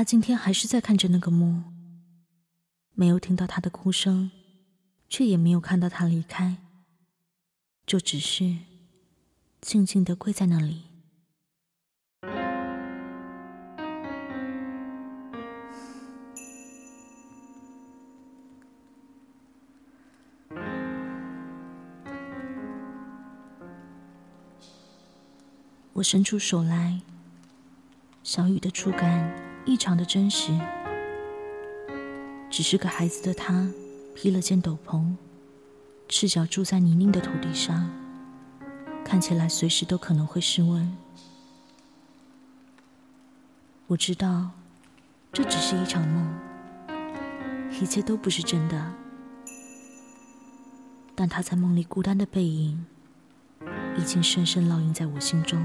他今天還是在看着那個墓，沒有聽到他的哭聲，卻也沒有看到他離開，就只是靜靜的跪在那裡。我伸出手來，小雨的觸感。異常的真實。只是個孩子的她，披了件斗篷，赤腳住在泥濘的土地上，看起來隨時都可能會失溫。我知道，這只是一場夢，一切都不是真的。但她在夢裡孤單的背影，已經深深烙印在我心中。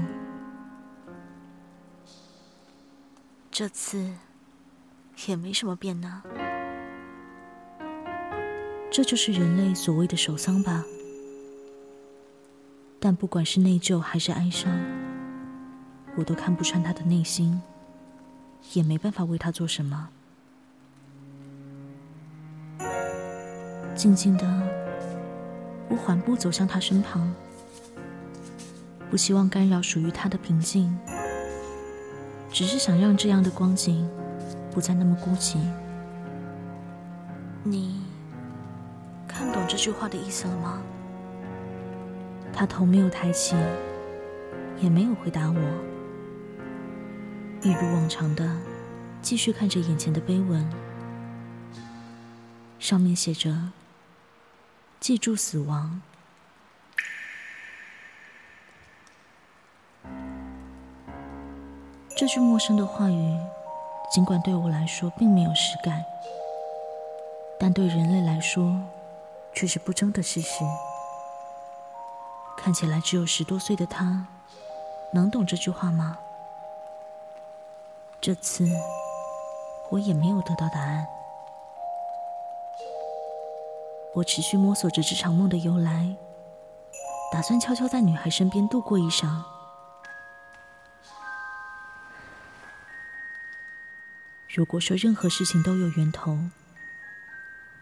這次也沒什麼變呢。這就是人類所謂的守喪吧。但不管是內疚還是哀傷，我都看不穿他的內心，也沒辦法為他做什麼。靜靜的，我緩步走向他身旁，不希望干擾屬於他的平靜。只是想讓這樣的光景不再那麼孤寂。你看懂這句話的意思了嗎？他頭沒有抬起，也沒有回答我，一如往常的繼續看着眼前的碑文，上面寫着：“記住死亡。”這句陌生的話語，儘管對我來說並沒有實感，但對人類來說卻是不爭的事實。看起來只有十多歲的他，能懂這句話嗎？這次我也沒有得到答案。我持續摸索着這場夢的由來，打算悄悄在女孩身邊度過一生。如果說任何事情都有源頭，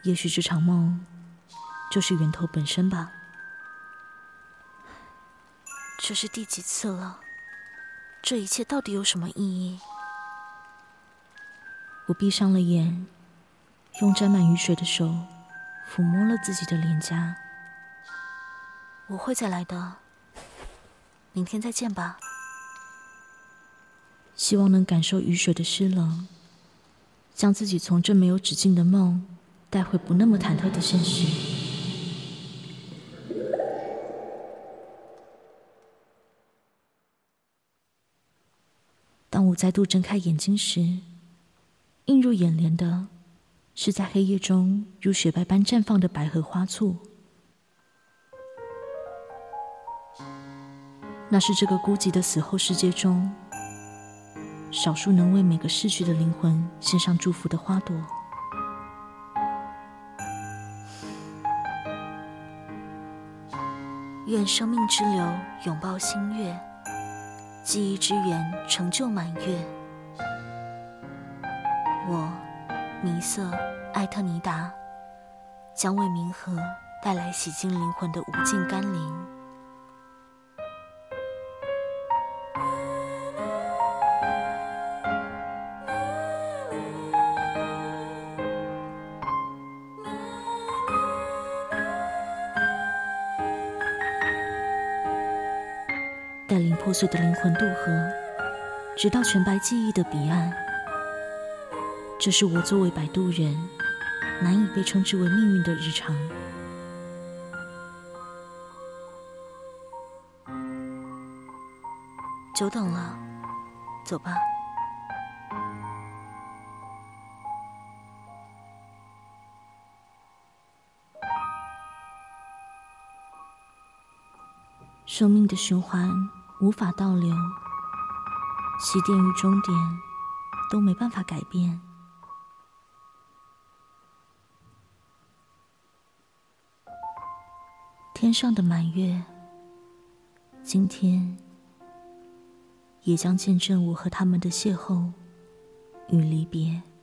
也許這場夢就是源頭本身吧。這是第幾次了？這一切到底有什麼意義？我閉上了眼，用沾滿雨水的手撫摸了自己的臉頰。我會再來的，明天再見吧。希望能感受雨水的濕冷。將自己從這沒有止境的夢帶回不那麼忐忑的現實。當我再度睜開眼睛時，映入眼簾的是在黑夜中如雪白般綻放的百合花簇。那是這個孤寂的死後世界中，少數能為每個逝去的靈魂獻上祝福的花朵。願生命之流擁抱新月，記憶之源成就滿月。我，瀰瑟．艾特尼妲，將為冥河帶來洗淨靈魂的無盡甘霖。帶領破碎的靈魂渡河，直到全白記憶的彼岸。這是我作為擺渡人難以被稱之為命運的日常。久等了，走吧。生命的循環。無法倒流，起點與終點都沒辦法改變。天上的滿月，今天也將見證我和他們的邂逅與離別。